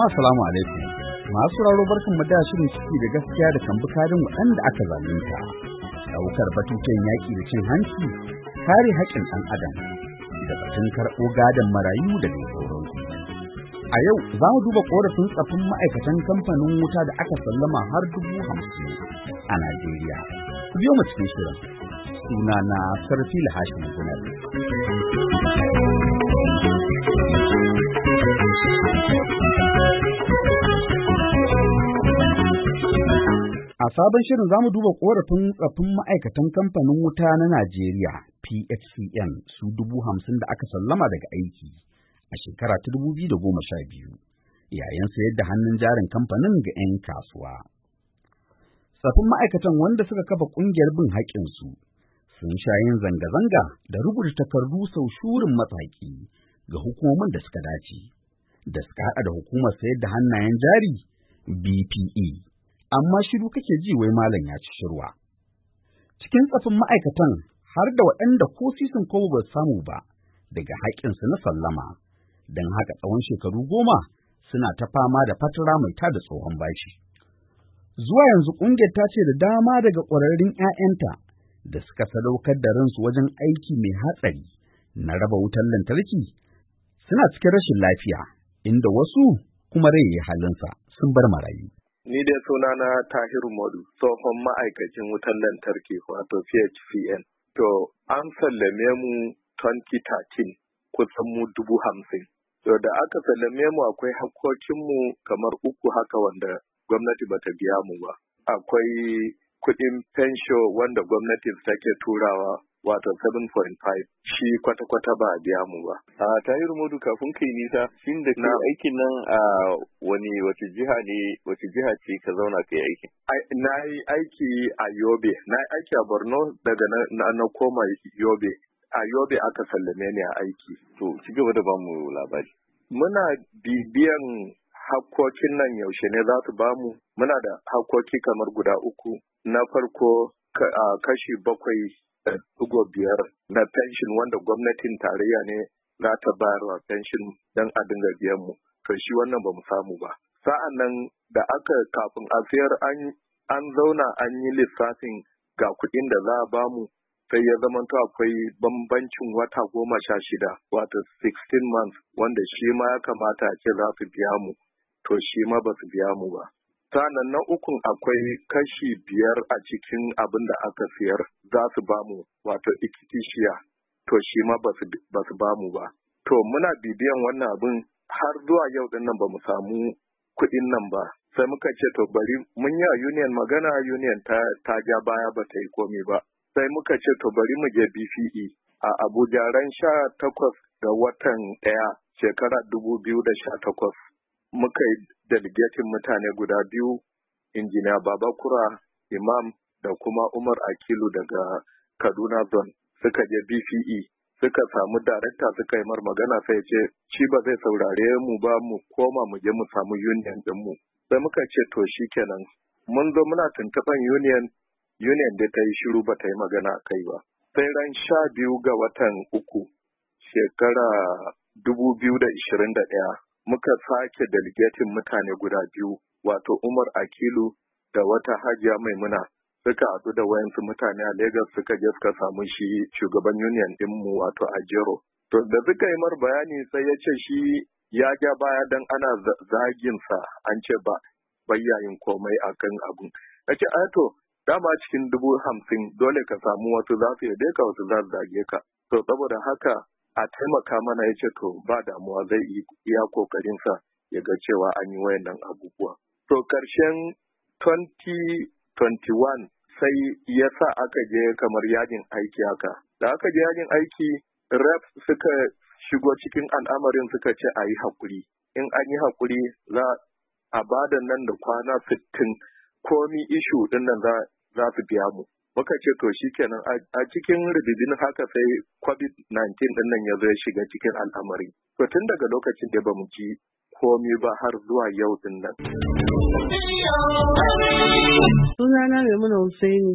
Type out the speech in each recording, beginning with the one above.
jama'a salamu alaikum masu sauraro barkan mu da shirin ciki da gaskiya da kan bukarin waɗanda aka zalunta daukar batutun yaƙi da cin hanci kare haƙƙin ɗan adam da batun karɓo gadon marayu da sauransu a yau za mu duba ƙorafin tsafin ma'aikatan kamfanin wuta da aka sallama har dubu hamsin a najeriya ku biyo mu cikin shirin sunana sarfi lahashin gunar A sabon shirin za mu duba korafin tsafin ma'aikatan kamfanin wuta na Najeriya PHCN su dubu hamsin da aka sallama daga aiki a shekara ta dubu biyu da goma sha biyu yayin sayar da hannun jarin kamfanin ga 'yan kasuwa. Tsafin ma'aikatan wanda suka kafa ƙungiyar bin haƙƙinsu sun sha yin zanga-zanga da rubuta takardu sau shurin matsaki ga hukumomin da suka dace, da suka haɗa da hukumar sayar da hannayen jari BPE, amma shiru kake ji wai malam ya ci shirwa. Cikin tsafin ma'aikatan har da waɗanda ko sisin kobo ba samu ba daga haƙƙinsu na sallama, don haka tsawon shekaru goma suna ta fama da fatara mai ta da tsohon bashi. Zuwa yanzu ƙungiyar ta ce da dama daga ƙwararrun 'ya'yanta da suka sadaukar da ransu wajen aiki mai hatsari na raba wutar lantarki suna cikin rashin lafiya, inda wasu kuma rai ya halinsa sun bar marayu. Ni dai sunana Tahiru Modu, tsohon ma'aikacin wutar lantarki wato PHPN. To, an sallame mu 2013 kusan mu dubu hamsin. To, da aka sallame mu akwai hakkokinmu kamar uku haka wanda gwamnati ba ta biya mu ba. Akwai kuɗin fensho wanda gwamnati take turawa wato 7.5 shi kwata-kwata ba a biya mu ba. A tayar modu kafin kai nisa shin da na aikin nan a wani wace jiha ne wace jiha ce ka zauna kai aiki? Na yi aiki a Yobe, na yi aiki a Borno daga na koma Yobe. A Yobe aka sallame ni a aiki. To, ci gaba da mu labari. Muna bibiyan hakkokin nan yaushe ne za su bamu. Muna da hakkoki kamar guda uku. Na farko kashi bakwai ɗigo biyar na fenshin wanda gwamnatin tarayya ne za ta bayarwa fenshin don a dinga biyan mu to shi wannan ba mu samu ba sa'an nan da aka kafin a siyar an zauna an yi lissafin ga kuɗin da za a ba mu sai ya zamanto akwai bambancin wata goma sha shida wato 16 months wanda shi ma ya kamata a ce za su biya mu to shi ma ba su biya mu ba Sanan na ukun akwai kashi biyar a cikin abin da aka siyar za su bamu wato ikitishiya to shi ma ba su bamu ba. To muna bibiyan wannan abin har zuwa yau din nan ba mu samu kuɗin nan ba. Sai muka ce to bari mun yi a union magana union ta, ta ja baya ba ta yi komi ba. Sai muka ce to bari mu je BCE a Abuja ran sha takwas ga watan ɗaya shekara dubu biyu da sha takwas. muka yi delegatin mutane guda biyu injiniya babakura imam da kuma umar akilu daga kaduna zone suka je bce suka samu darakta suka yi mar magana sai ce shi ba zai saurare mu ba mu koma mu je mu samu union dinmu sai muka ce to shi kenan mun zo muna tuntuɓan union union da ta yi shiru ba ta yi magana a kai ba sai ran sha biyu ga watan uku shekara dubu biyu da ishirin da ɗaya muka sake delegatin mutane guda biyu wato Umar Akilu da wata hajiya maimuna suka haɗu da wayansu mutane a Legas suka je suka samu shi shugaban union mu, wato Ajero. To da suka yi mar bayani sai ya ce shi ya ja baya dan ana zaginsa an ce ba bayyayin komai akan kan abun. Ya ce a dama cikin dubu hamsin dole ka samu wasu za su yade ka wasu za su zage ka. To saboda haka a taimaka mana ya ce to ba damuwa zai yi iya kokarinsa ya ga cewa an yi wayannan abubuwa. To karshen 2021 sai ya sa aka je kamar yajin aiki haka. Da aka je yajin aiki rep suka shigo cikin al'amarin suka ce a yi haƙuri. In an yi haƙuri za a bada nan da kwana sittin komi ishu ɗin nan za su biya mu. muka ce to shi kenan a cikin rididin haka sai covid-19 din nan ya zo shiga cikin al'amari to tun daga lokacin da ba mu ci komi ba har zuwa yau din nan sunana Maimuna Hussaini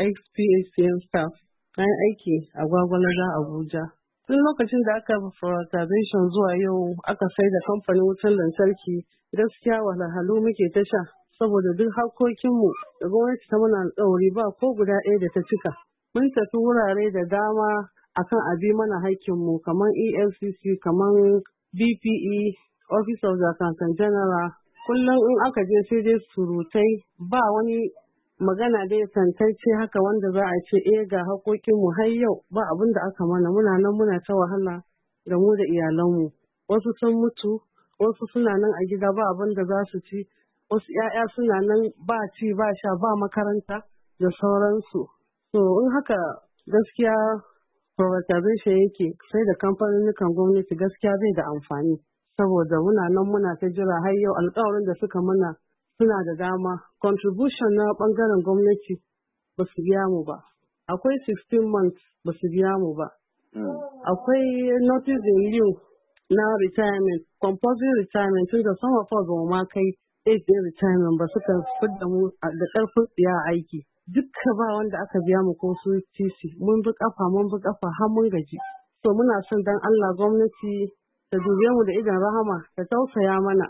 XPACM staff na aiki a gwagwalaga Abuja tun lokacin da aka privatization zuwa yau aka sai da kamfanin wutar lantarki gaskiya wahalhalu muke ta sha saboda duk harkokinmu da gwamnati ta mana tsauri ba ko guda ɗaya da ta cika. Mun tafi wurare da dama akan abi mana haƙƙinmu kamar EFCC, kamar BPE, Office of the Accountant General. Kullum in aka je sai dai surutai ba wani magana dai tantance haka wanda za a ce eh ga haƙoƙinmu har yau ba abin da aka mana muna nan muna ta wahala da mu da iyalanmu. Wasu sun mutu, wasu suna nan a gida ba abin da za su ci wasu 'ya'ya suna nan ba ci ba sha ba makaranta da sauransu so in haka gaskiya privatization yake sai da kamfanonukan gwamnati gaskiya zai da amfani saboda muna nan muna ta jira har yau alkawarin da suka mana suna da dama contribution na bangaren gwamnati ba su biya mu ba akwai 16 months ba su biya mu ba hmm. akwai notice in lieu na retirement compulsory retirement tun da sama fa ba ma kai age retirement ba suka fidda mu da karfin tsiya aiki dukka ba wanda aka biya mu ko su tc mun bi kafa mun bi kafa har mun gaji to muna son dan Allah gwamnati ta dube mu da idan rahama ta tausaya mana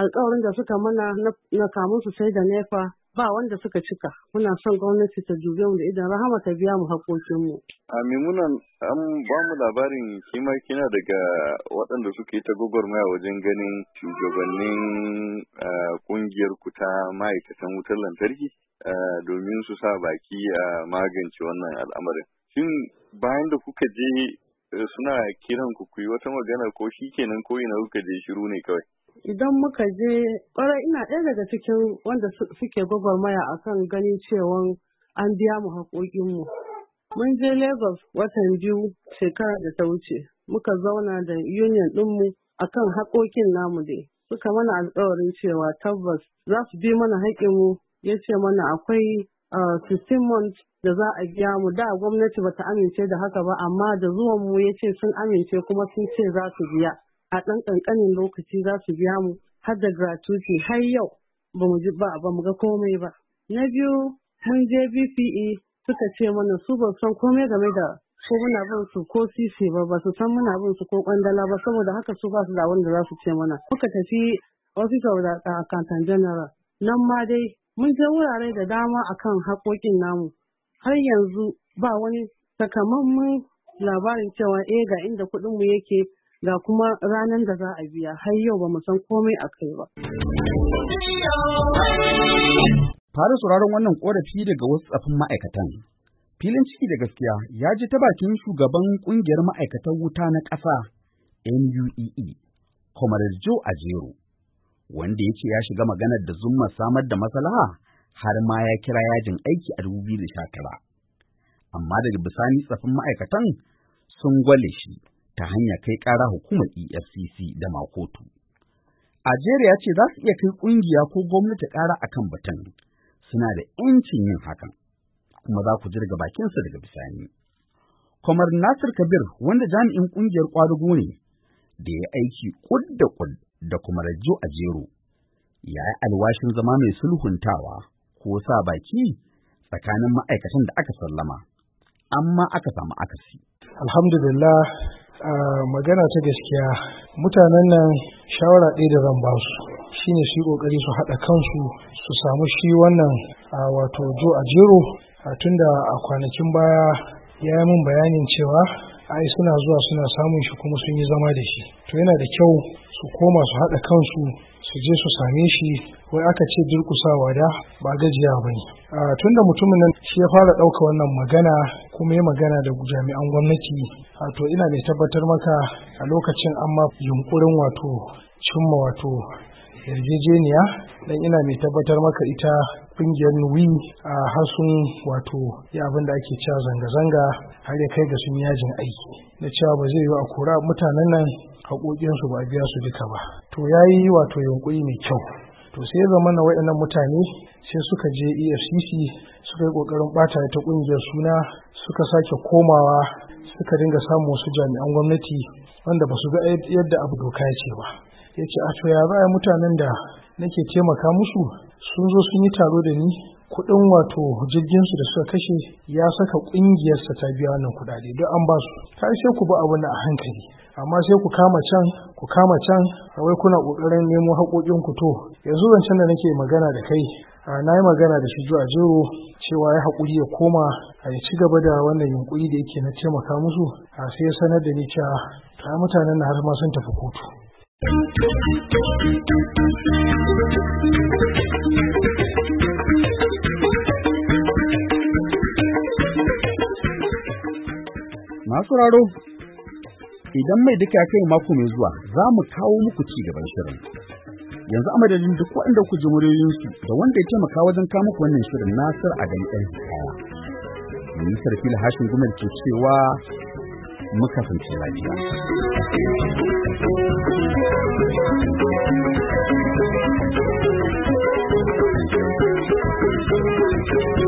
alkawarin da suka mana na kamun su sai da nefa ba wanda suka cika muna son gwamnati ta dubi mu da idan rahama ta biya mu mu a mimuna an ba mu labarin kima kina daga waɗanda suka yi ta gwagwarmaya wajen ganin shugabannin ƙungiyar ku ta ma'aikatan wutar lantarki domin su sa baki a magance wannan al'amarin shin bayan da kuka je suna kiran ku ku yi wata magana ko shi kenan ko ina kuka je shiru ne kawai idan muka je kwarai ina ɗaya daga cikin wanda suke gwagwarmaya akan ganin cewa an biya mu haƙoƙinmu. Mun je Lagos watan biyu shekara da ta wuce, muka zauna da union ɗinmu akan haƙoƙin namu dai. Suka mana alƙawarin cewa tabbas za su bi mana haƙinmu ya ce mana akwai 15 months da za a biya mu da gwamnati bata amince da haka ba amma da zuwan mu ya ce sun amince kuma sun ce za su biya. a ɗan ƙanƙanin lokaci za su biya mu har da gratuity har yau ba mu ji ba ba mu ga komai ba. Na biyu mun je BCE suka ce mana su ba san komai game da ko muna bin su ko CC ba ba su san muna bin su ko ƙwandala ba saboda haka su ba su da wanda za su ce mana Kuka tafi office of the accountant general nan ma dai mun je wurare da dama akan haƙoƙin namu har yanzu ba wani takamammun labarin cewa eh ga inda kuɗin mu yake ga kuma ranar da za a biya har yau ba mu san komai a kai ba. Fara sauraron wannan korafi daga wasu tsafin ma'aikatan. Filin ciki da gaskiya ya ji ta bakin shugaban ƙungiyar ma'aikatan wuta na ƙasa NUEE, e, Comrade Joe Ajero, wanda ya ce ya shiga maganar da Zuma samar da maslaha har ma ya kira yajin aiki a da 2019. Amma daga bisani tsafin ma'aikatan sun gwale shi. ta hanyar kai ƙara hukumar EFCC da makotu. Ajeriya ce za su iya kai ƙungiya ko gwamnati ƙara akan batun, suna da ‘yancin yin hakan, kuma za ku jirga bakinsa daga bisani. kamar Nasir Kabir wanda jami'in ƙungiyar ƙwadugo ne, da ya aiki ƙud da ƙud da kuma rajo a jero, ya yi alwashin zama mai sulhuntawa ko sa baki tsakanin ma'aikatan da aka sallama, amma aka samu akasi. Alhamdulillah a magana ta gaskiya mutanen nan shawara ɗaya da zan ba su shine su yi ƙoƙari su haɗa kansu su samu shi wannan a wato jo a jero a tunda a kwanakin baya ya yi min bayanin cewa ai suna zuwa suna samun shi kuma sun yi zama da shi to yana da kyau su koma su haɗa kansu su je su same shi wai aka ce durkusawa da ba gajiya ba ne tun da mutumin nan shi ya fara ɗauka wannan magana kuma ya magana da jami'an gwamnati to ina mai tabbatar maka a lokacin amma yunkurin wato cimma wato yarjejeniya dan ina mai tabbatar maka ita kungiyar wi a harsun wato ya abin da ake cewa zanga-zanga har ya kai ga sun yajin aiki na cewa ba zai yi a kura mutanen nan haƙoƙinsu ba a biya su duka ba to ya yi wato yunƙuri mai kyau to sai ya zama na waɗannan mutane sai suka je efcc suka yi ƙoƙarin ɓata ta ƙungiyar suna suka sake komawa suka dinga samun wasu jami'an gwamnati wanda ba su ga yadda abu doka ya ce ba ya ce a to ya mutanen da nake taimaka musu sun zo sun yi taro da ni kuɗin wato jirginsu da suka kashe ya saka ƙungiyarsa ta biya wannan kuɗaɗe duk an ba su kai sai ku bi abin a hankali amma sai ku kama can ku kama can wai kuna ƙoƙarin nemo haƙoƙin ku to yanzu zancen da nake magana da kai na yi magana da shi a jero cewa ya haƙuri ya koma a ci gaba da wannan yunƙuri da yake na taimaka musu a sai ya sanar da ni cewa ta mutanen na har ma sun tafi kotu. sauraro idan mai duka kai mako mai zuwa za mu kawo muku ci gaban shirin. Yanzu a madadin duk waɗanda ku ji muryoyinsu da wanda ya taimaka wajen kawo muku wannan shirin Nasir Adam ɗan Kaya. Ministar Fili Hashin gumar ke cewa muka kasance lafiya. Thank you.